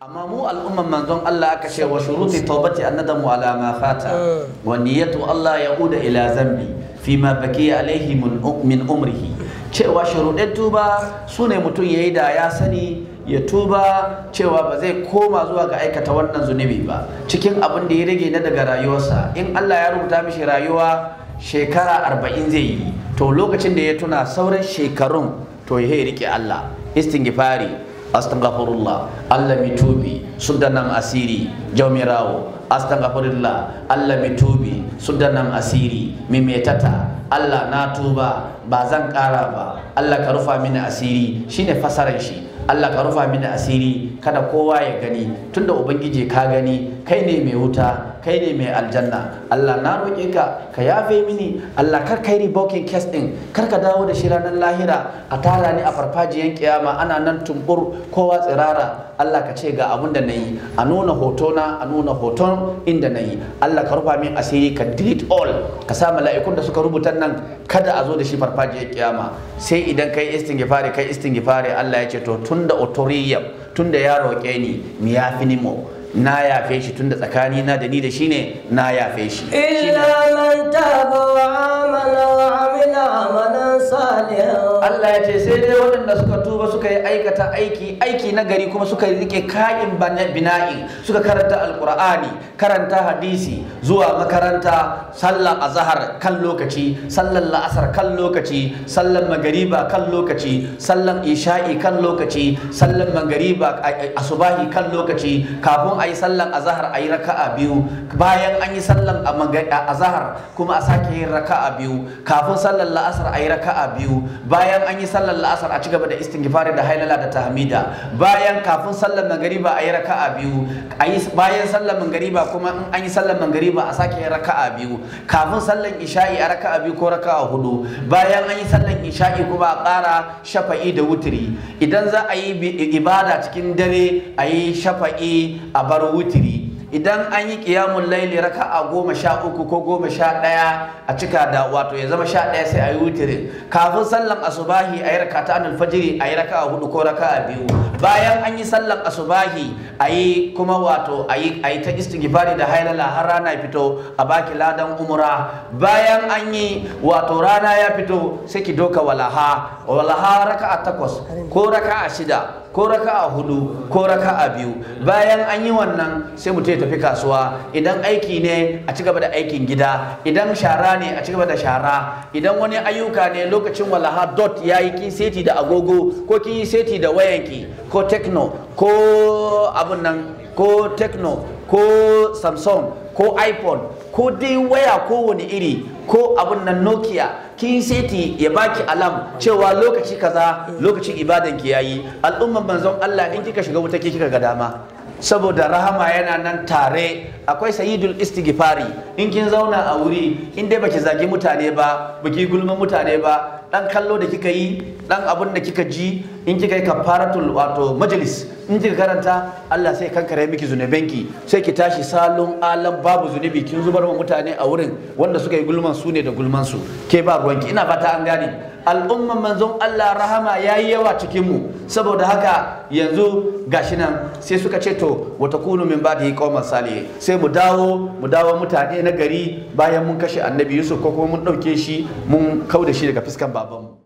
amma mu al'umman manzon Allah aka ce wa shuruti tawbati annadamu ala ma fata eh. wa niyyatu Allah yauda ila zambi fi ma baki alaihi min umrihi cewa shuruɗin tuba sune mutum yayi da ya sani ya tuba cewa ba zai koma zuwa ga aikata wannan zunubi ba cikin abin da ya rage na daga rayuwarsa in Allah ya rubuta mishi rayuwa shekara arba'in zai yi to lokacin da ya tuna sauran shekarun to ya rike Allah "Istingifari". astaghfirullah allah mi tubi suddanam asiri jawmirawo astaghfirullah allah mi tubi suddanam asiri mi metata allah na tuba ba zan kara ba allah ka rufa mini asiri shine fasaran shi Allah ka rufa mini asiri kada kowa ya gani tunda ubangiji ka gani kai ne mai wuta kai ne mai aljanna Allah na roƙe ka ka yafe mini Allah kar kai ribokin kes ɗin kar ka dawo da shi ranar lahira a tara ni a farfajiyan kiyama ana nan tumbur kowa tsirara Allah ka ce ga abun da na yi a nuna hotona a nuna hoton inda nayi Allah ka rufa min asiri ka delete all ka sa mala'ikun da suka rubuta nan kada a zo da shi farfajiyar kiyama sai idan kai istighfari kai istighfari Allah ya ce to tunda otoriyam tunda ya roƙe ni mi yafi ni mu na yafe shi tunda tsakani na da ni da shi ne na yafe shi illa waɗanda suka tuba suka yi aikata aiki aiki na gari kuma suka rike ka'in bina'i suka karanta alkur'ani karanta hadisi zuwa makaranta sallar azahar kan lokaci sallar la'asar kan lokaci sallar magariba kan lokaci sallar isha'i kan lokaci sallar magariba asubahi kan lokaci kafin a yi sallar azahar a yi raka'a biyu bayan an yi sallar azahar kuma a sake yin raka'a biyu kafin sallar la'asar a yi raka'a biyu bayan an yi sallar la'asar a ci gaba da istighfari da hailala da tahmida bayan kafin sallar magariba a yi raka'a biyu bayan sallar magariba kuma in an yi sallar magariba a sake yin raka'a biyu kafin sallar isha'i a raka'a biyu ko raka'a hudu bayan an yi sallar isha'i kuma a ƙara shafa'i da wutiri idan za a yi ibada cikin dare a yi shafa'i a bar wutiri idan an yi ƙiyamun laili raka a goma sha uku ko goma sha ɗaya a cika da wato ya zama sha ɗaya sai a yi wutirin kafin sallan asubahi a yi raka ta anil fajiri a yi raka a hudu ko raka a biyu bayan an yi sallan asubahi a yi kuma wato a yi ta istighfari da hailala har rana fito a baki ladan umura. bayan an yi wato rana ya fito sai ki doka walaha walaha raka a takwas ko raka a shida ko raka a hudu ko raka a biyu bayan an yi wannan sai mutum ya tafi kasuwa idan aiki ne a cigaba da aikin gida idan shara ne a cigaba da shara idan wani ayyuka ne lokacin walaha dot ya yi kin seti da agogo ko kin yi seti da wayanki ko tekno ko abun nan ko techno ko samsung ko iphone ko dai waya ko wani iri ko abun nan nokia kin seti ya baki alam cewa lokaci kaza lokacin ibadan ki yayi al'umman manzon Allah in kika shiga wuta kika ga dama saboda rahama yana nan tare akwai sayidul istighfari in kin zauna a wuri in dai baki zagi mutane ba baki gulma mutane ba dan kallo da kika yi dan abun da kika ji in kika yi kafaratul wato majalis in kika karanta Allah sai kankare miki zunubanki sai ki tashi salon alam babu zunubi kin zubar wa mutane a wurin wanda suka yi gulman su ne da gulman su ke ba ruwanki ina fata an gane al'umman manzon Allah rahama yayi yawa cikin mu saboda haka yanzu gashi nan sai suka ce to wata kunu min ba da yi kawo salihin sai mu dawo mu dawo mutane na gari bayan mun kashe annabi yusuf ko kuma mun ɗauke shi mun kau da shi daga fuskan babanmu